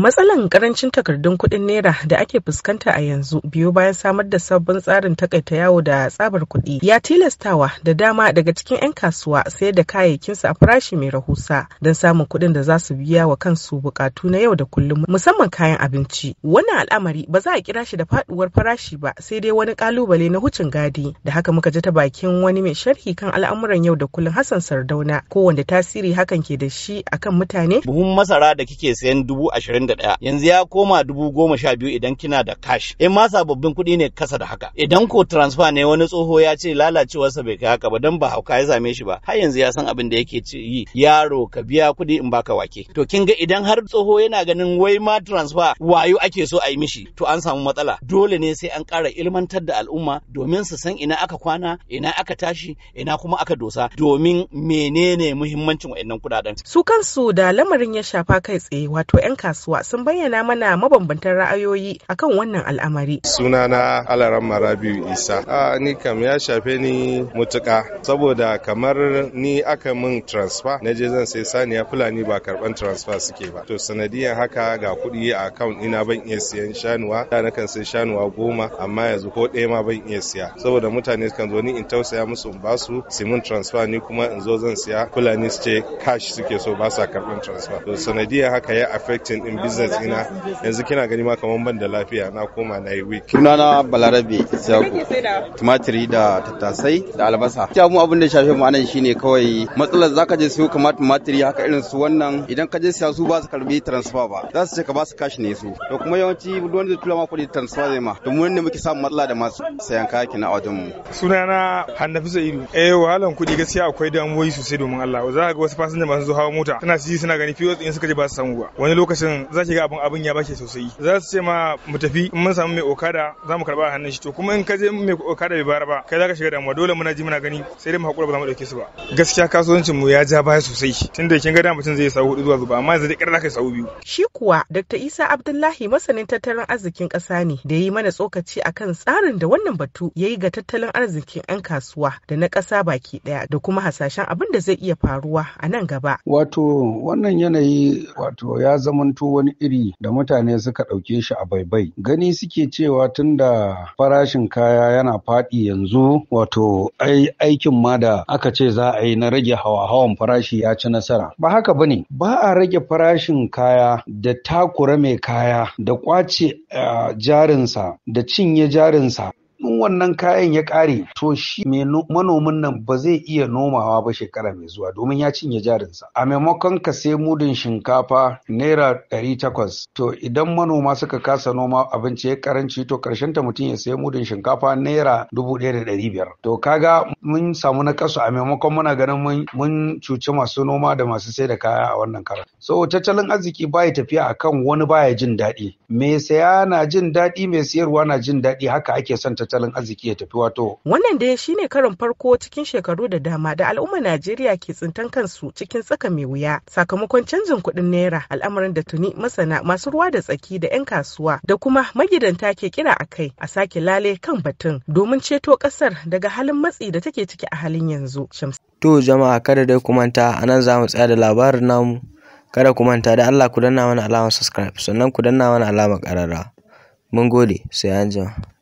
Matsalan karancin takardun kuɗin naira da ake fuskanta a yanzu biyo bayan samar da sabbin tsarin takaita yawo da tsabar kuɗi ya tilastawa da dama daga cikin 'yan kasuwa sayar da kayayyakinsu a farashi mai rahusa don samun kuɗin da za su biya wa kansu bukatu na yau da kullum musamman kayan abinci. Wannan al'amari ba za a kira shi da faɗuwar farashi ba sai dai wani kalubale na hucin gadi da haka muka ji ta bakin wani mai sharhi kan al'amuran yau da kullum Hassan Sardauna kowanne tasiri hakan ke da shi akan mutane. Buhun masara da kike sayan dubu ashirin da yanzu ya koma dubu goma sha biyu idan kina da cash in ma sababbin kuɗi ne kasa da haka idan ko transfer ne wani tsoho ya ce lalacewarsa bai kai haka ba don ba hauka ya same shi ba har yanzu ya san abin da yake yi yaro ka biya kuɗi in baka wake to kin ga idan har tsoho yana ganin wai ma transfer wayo ake so a yi mishi to an samu matsala dole ne sai an ƙara ilmantar da al'umma domin su san ina aka kwana ina aka tashi ina kuma aka dosa domin menene muhimmancin wa'annan kuɗaɗen su kansu da lamarin ya shafa kai tsaye wato 'yan kasuwa sun bayyana mana mabambantan ra'ayoyi akan wannan al'amari. Suna Sunana Alaran Marabiu Isa. A ni kam ya shafe ni mutuka saboda kamar ni aka min transfer na je zan sai saniya Fulani ba karban transfer suke ba. To sanadiyar haka ga kuɗi a account ina ban iya siyan shanuwa da na kan sai shanuwa goma amma yanzu ko ɗaya ma ban iya siya saboda mutane kan zo ni in tausaya musu in ba su simin transfer ni kuma in zo zan siya Fulani su ce cash suke so ba sa karban transfer. To sanadiyar haka ya affecting din business ina yanzu kina gani ma kaman ban da lafiya na koma na yi week na balarabe isaku tumatiri da tattasai da albasa ya mu abin da shafe mu anan shine kawai matsalar zaka je siyo kamar tumatiri haka irin su wannan idan ka je siya su ba su karbi transfer ba za su ce ka ba su cash ne su to kuma yawanci don da tura ma kuɗi transfer zai ma to mu ne muke samun matsala da masu sayan kayaki na wajen mu sunana hannafi sa'idu eh wahalan kuɗi gaskiya akwai damuwoyi sosai domin Allah za ka ga wasu fasinja masu zo hawa mota tana siji suna gani fiyo in suka je ba su samu ba wani lokacin za ki ga abin abin ya bashi sosai za su ce ma mu tafi mun samu mai okada za mu karba a hannun shi to kuma in ka je mai okada bai bara ba kai za ka shiga damuwa dole muna ji muna gani sai dai mu hakura ba za mu dauke su ba gaskiya kasuwancin mu ya ja baya sosai tunda kin ga da mutum zai sau hudu zuwa zuba amma yanzu da kira za sau biyu shi kuwa Dr. Isa Abdullahi masanin tattalin arzikin kasa ne da ya yi mana tsokaci akan tsarin da wannan batu ya yi ga tattalin arzikin 'yan kasuwa da na ƙasa baki ɗaya da kuma hasashen abin da zai iya faruwa a nan gaba. Wato wannan yanayi wato ya zamanto wani iri da mutane suka ɗauke shi a baibai gani suke cewa tun da farashin kaya yana faɗi yanzu wato ai aikin ma da aka ce za a yi na rage hawa-hawan farashi ya ci nasara ba haka bane ba a rage farashin kaya da takura mai kaya da kwace eh, jarinsa da cinye jarinsa in wannan kayan ya ƙare to shi manomin nan ba zai iya nomawa ba shekara mai zuwa domin ya cinye jarinsa a maimakon ka sai mudin shinkafa naira ɗari takwas to idan manoma suka kasa noma abinci ya karanci to karshen ta mutum ya sai mudin shinkafa naira dubu ɗaya da ɗari biyar to kaga mun samu na kasu a maimakon muna ganin mun cuci masu noma da masu sai da kaya a wannan karan so tattalin arziki baya tafiya akan wani baya jin daɗi mai saya na jin daɗi mai siyarwa na jin daɗi haka ake son tattalin tattalin arziki ya tafi wato. Wannan dai shine karin farko cikin shekaru da dama da al'ummar Najeriya ke tsintan kansu cikin tsaka mai wuya sakamakon canjin kuɗin naira al'amarin da tuni masana masu ruwa da tsaki da 'yan kasuwa da kuma magidanta ke kira a kai a sake lale kan batun domin ceto ƙasar daga halin matsi da take ciki a halin yanzu. To jama'a kada dai ku manta a nan za mu tsaya da labarin namu. Kada ku manta da Allah ku danna mana alamar subscribe sannan ku danna mana alamar ƙararra. Mun gode sai anjima.